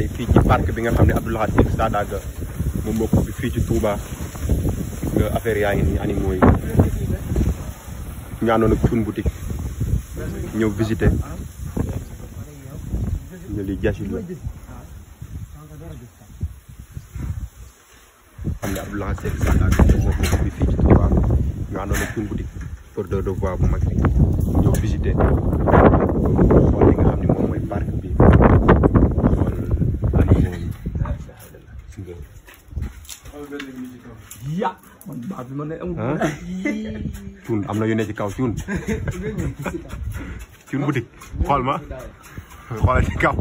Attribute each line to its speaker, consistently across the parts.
Speaker 1: tey fii ci parc bi nga xam ne Abdou Lahad Seck Sadaga moom moo ko fii ci Touba nga affaire yaa ngi nii animaux yi ñu àndoon ak Thioune Boutique ñëw visiter ñu li jasi la xam ne Abdou Lahad Seck Sadaga moom moo ko fii ci Touba ñu àndoon ak Thioune pour deux de voies bu mag bi
Speaker 2: ñëw visiter bi man de
Speaker 1: am na yu ne ci kaw cuun. cuun boutique ma xoolal ci
Speaker 2: kaw.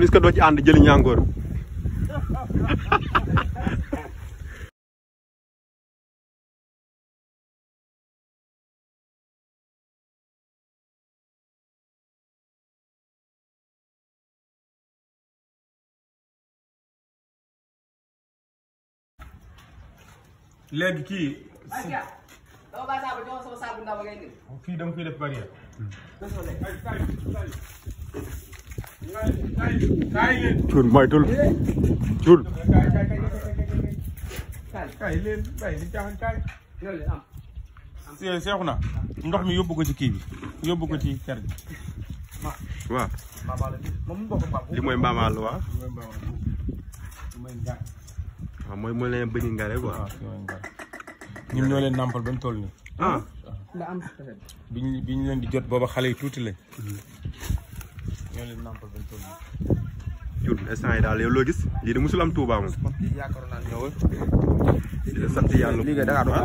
Speaker 3: mun ci ànd jëli ñàngoor kii. kii da nga def barière.
Speaker 1: cuun moytul cuun
Speaker 3: seexu na ndox mi yóbbu ko ci kii bi yóbbu ko ci ker bi waaw li mooy mbaamaal waaw waaw mooy mooy leen bëñi ngare quoi ñun ñoo leen nàmpal ba ñu toll nii ah bi leen di jot booba xale yi tuuti lañ
Speaker 2: ñoo leen nàmpal bañ toll
Speaker 3: nii. daal yow loo gis lii de moom. yaakaar
Speaker 2: naa ñëwal.
Speaker 1: di la sant yàlla. lii de da ngaa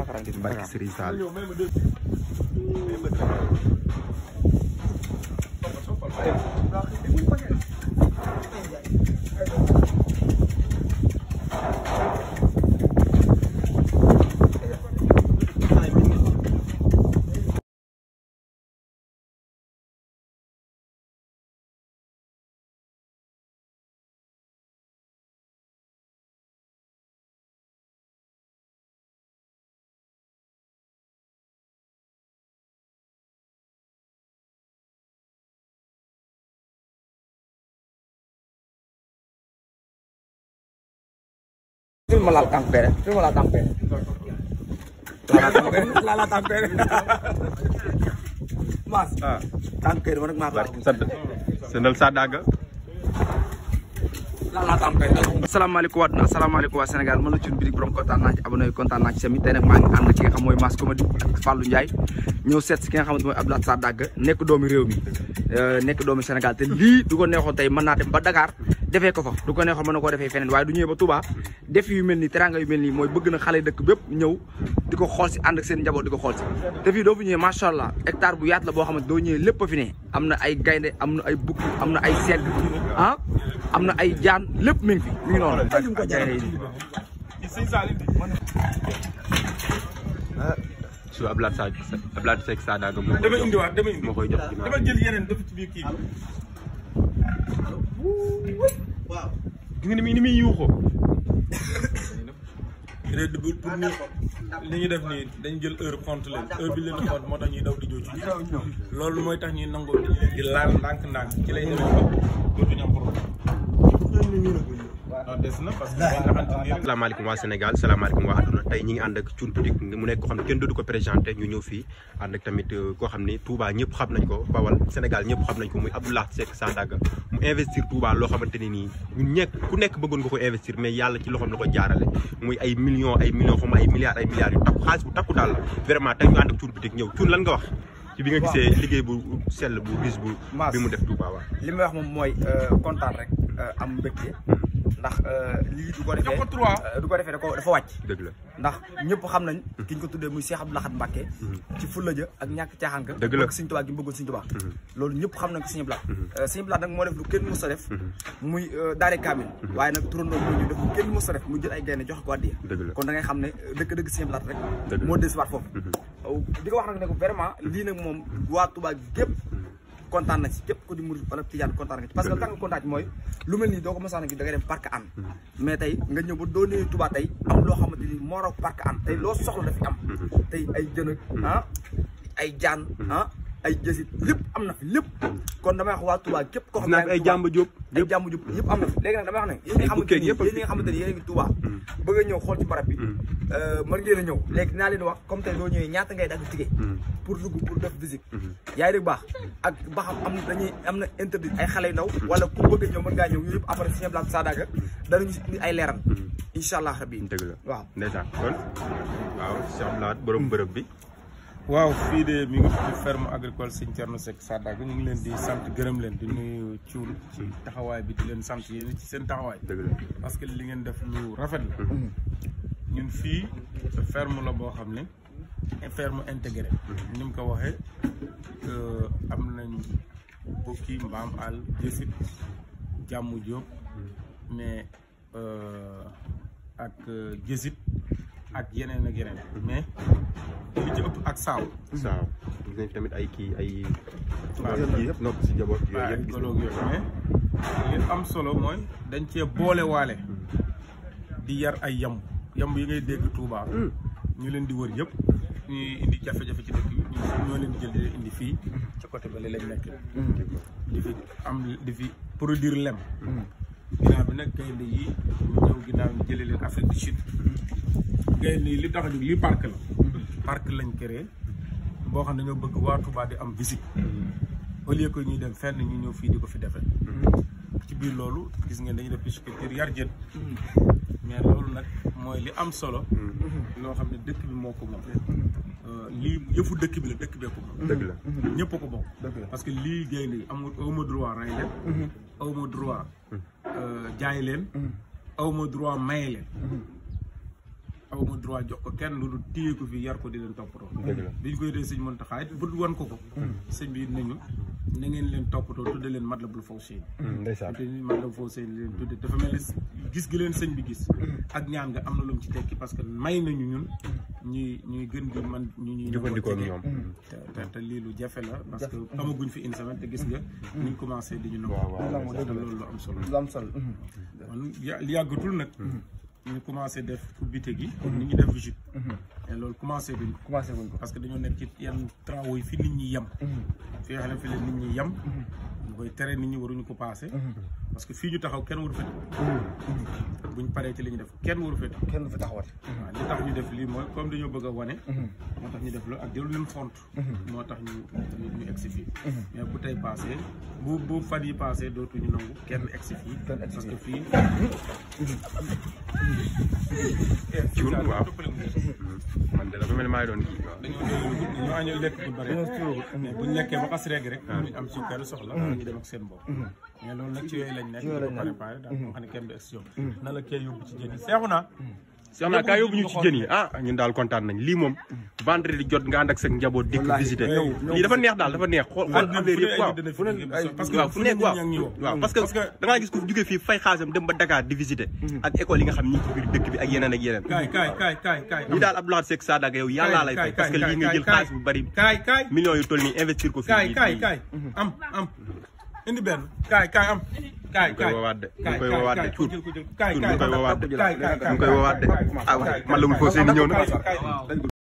Speaker 3: Firma la la
Speaker 2: tampere. La tampere, la tampere. Mas. Ah. waa Sénégal man la cun birig borom kontaan naa ci abonné kontaan naa ci sami tey maa ngi ànd ki xam mooy Mass Comedy ak Fallou Ndiaye ñëw seet si ki nga mooy Abdoulaye Sadaga nekk doomi réew mi euh, nekk doomi Sénégal te lii du ko neexoon tey naa dem ba Dakar defee ko fa du ko neexoon mën na koo defee feneen waaye du ñëwee ba Touba def yu mel nii teranga yu mel nii mooy bëgg na xale dëkk bépp ñëw di ko xool si ànd seen njaboot di ko xool si te fii doo fi ñëwee macha allah hectare bu yaatu la boo xamante doo ñëwee lépp a fi ne am na ay gaynde am na ay bukki am na ay segg ah am na ay jaan lépp mi ngi fi mi ngi noonu
Speaker 1: su Ablaye Seck Ablaye Seck Sadaga moo koy jox moo koy jox waaw. gis ni muy ni muy yuuxoo.
Speaker 3: bu pour li ñu def nii dañ jël heure compte leen heure bi leen compte moo tax ñuy daw di jooju loolu mooy tax ñuy nangoo di laal ndànk-ndànk ci lay demee ba dootuñu am problème. non des na parce que salaamaaleykum waa
Speaker 1: Sénégal salaamaaleykum waa àdduna tey ñi ngi ànd ak Thioune Boutique mu nekk koo xam ne kenn dootu ko présenté ñu ñëw fii ànd tamit euh, koo xam ne Touba ñëpp xam nañ ko Bawal Sénégal ñëpp xam nañ ko muy Abdoulaye Seck Sadaga mu investir Touba loo xamante ne nii ñun ñekk ku nekk bëggoon ko investir mais yàlla ci loxoom la ko jaarale muy ay millions ay millions xaw ma ay milliards ay milliards yu takku xaalis bu takku daal la vraiment tey ñu ànd ak Thioune Boutique ñëw Thioune lan nga wax ci bi nga gisee liggéey bu sell bu bis bu mu def Touba waaw
Speaker 2: li may wax moom mooy euh, kontaan rek euh, am mbégte hmm. ndax euh, lii du ko defee euh, du ko defee da ko dafa wàcc dëgg la ndax ñëpp xam nañ ki ko tuddee muy Cheikh Abdou Lahad Mbacké mhm. ci fulla ja ak ñàkk caaxaan ka dëgg la Sëñ Tuubaa gi mhm. ñëpp xam nañ ko Sëñ mhm. euh, moo def lu kenn mës a def muy daare kaamil waaye nag turandoo bu ñu def lu kenn mës def mu jël ay gaynde jox ko addiya kon da ngay xam ne dëgg-dëgg Sëñ Abdou rek moo desiwaat foofu di ko wax nag ne ko vraiment lii nag moom waa Tuubaa gépp kontaan na si képp ko di murid wala tijaan kontaan nga ci parce que tax nga kontaan ci mooy lu mel nii doo ko masaana gi da dem parc an hmm. mais tey nga ñëw ba doo nee Touba tey am loo xamante ni moo raw parc an tey loo soxla dafi am hmm. tey ay jën hmm. ah ay jaan ah ay jësit lépp am na fi lépp kon damay wax waa Touba képp ko xam ne ay jàmba jub ay jàmba jub yëpp am na fi léegi nag damay wax ne yéen ñi xamante ni a mm. bi mm. euh, mën ngeen a ñëw léegi leen wax comme tey doo ñëwee ñaata ngay dagg tige mm. pour dugg pour def visite yaa ngi dégg am na dañuy am na interdit ay xale yu ndaw wala ku bëgg a ñëw mën ngaa ñëw yooyu yëpp après siñe blan sadaga danañu indi ay leeral incha allah rabbi dëgg la waaw ndeysaan kon waaw Cheikh Abdou Lahad bërëb bi waaw fii de
Speaker 3: mi ngi tudd ferme agricole Sëñ Thierno Seck Sadaga ñu ngi leen di sant gërëm leen di nuyu Thioune ci hmm. taxawaay bi di leen sant yéen ci seen taxawaay. parce que li ngeen def lu rafet la. Hmm. ñun fii ferme la boo xam ne ferme intégrée. Hmm. ni mu ko waxee euh, am nañ bukki mbaam àll jësit jàmm jóob mais euh, ak euh, jësit. ak yeneen ak yeneen mais li ci ëpp ak saaw saaw gis tamit ay kii ay yëpp nopp si njaboot yooyu yëpp goloog mais am solo mooy dañ cee boole waale di yar ay yamb yamb yi ngay dégg Touba hmm. ñu leen di wër yëpp ñuy indi jafe-jafe ci dëkk bi ñoo leen di jël di indi fii hmm. ci côté ba lañ nekk hmm. di fi am di fi produire lem ginnaaw bi nag gaynde yi ñu ñëw ginnaaw ñu jëlee leen Afrique du Sud tey lii li tax a jóg lii parc la. parc lañ créé boo xam ne ñoo bëgg waa Touba di am visite. au lieu que ñuy dem fenn ñu ñëw fii di ko fi defee. ci biir loolu gis ngeen dañu def pisciculture yar jën. mais loolu nag mooy li am solo. loo xam ne dëkk bi moo ko moom. Euh, lii yëfu dëkk bi la dëkk bee ko moom. dëgg la ñëpp a ko bokk. parce que lii géey nii amul aw ma droit rey leen. Mm-hmm. aw ma droit mm-hmm. euh, jaay leen. Mm-hmm. ma droit maye leen. aw ma droit jox ko kenn lu dul téye ko fi yar ko di leen toppatoo biñ koy dee sëñ Muntaxa it bu wan ko ko hmm. sëñ bi nañu na ngeen leen toppatoo tudde leen Matlabul Fawzayni hmm, tudde Matlabul Fawzayni leen tudde dafa mel ni gis gi leen sëñ bi gis hmm. ak ñaan nga am na lu mu ci tekki parce que may nañu ñun ñuy ñuy gën di man ñu ñuy jëfandikoo ñoom te te lii lu jafe la parce que amaguñ fi une semaine te gis nga ñu commencé di ñu nangu loolu lu am solo lu am solo yàggatul nag ñu commencé def ubbite gi comme ni ñu def visite mais mhm. loolu commencé guñ ko commencé wuñ ko parce que dañoo nekk ci yenn yi fi nit ñi yem fii mhm. xale fi nit ñi yem mhm. ñu koy tere nit ñi waruñu ko passé parce que fii ñu taxaw kenn waru fa buñ paree ci li ñu def kenn waru fa kenn du fa taxawat li tax ñu def lii mooy comme dañoo bëgg a wane mhm. moo tax ñu def loolu ak jël luñ font mhm. moo tax ñu ñu egsi fii mhm. mais bu tey passé bu bu fan yi passé dootuñu nangu kenn egsi fii parce que fii eh, maay doon kii waaw dañoo doon lekk bu bëri bu ñu lekkee ba xas rek rek ñu am suukar soxla mm-hmm. ñu dem ak seen bopp mm-hmm. mais loolu nag ci yooyu lañ nekk préparé daal moo xam mm-hmm. ne kenn du extion na la yóbbu ci jën yi seexu na sox naa kaa yóbbu ñu ci jën yi
Speaker 1: ah ñun daal kontaan nañ lii moom vendredi jot nga ànd ak sa njaboot dikk visité lii dafa neex daal dafa neex xool affaire yëpp parce que da gis ku jógee fii fay xaalisam dem ba Dakar di visité mm-hmm. ak école yi nga xam ñi ci biir dëkk bi ak yeneen ak yeneen kaay kaay
Speaker 3: kaay kaay lii daal
Speaker 1: Abdoulaye Seck Sadaga yow lay fay parce que lii nga jël xaalis bari millions yu toll nii investir ko fii kaay kaay
Speaker 3: mm-hmm. am am indi benn kaay kaay am kaay kaay kaay koy woowaat de cuut koy woowaat de. kaay kaay kaay kaay kaay kaay kaay kaay kaay kaay kaay kaay kaay kaay kaay kaay kaay kaay kaay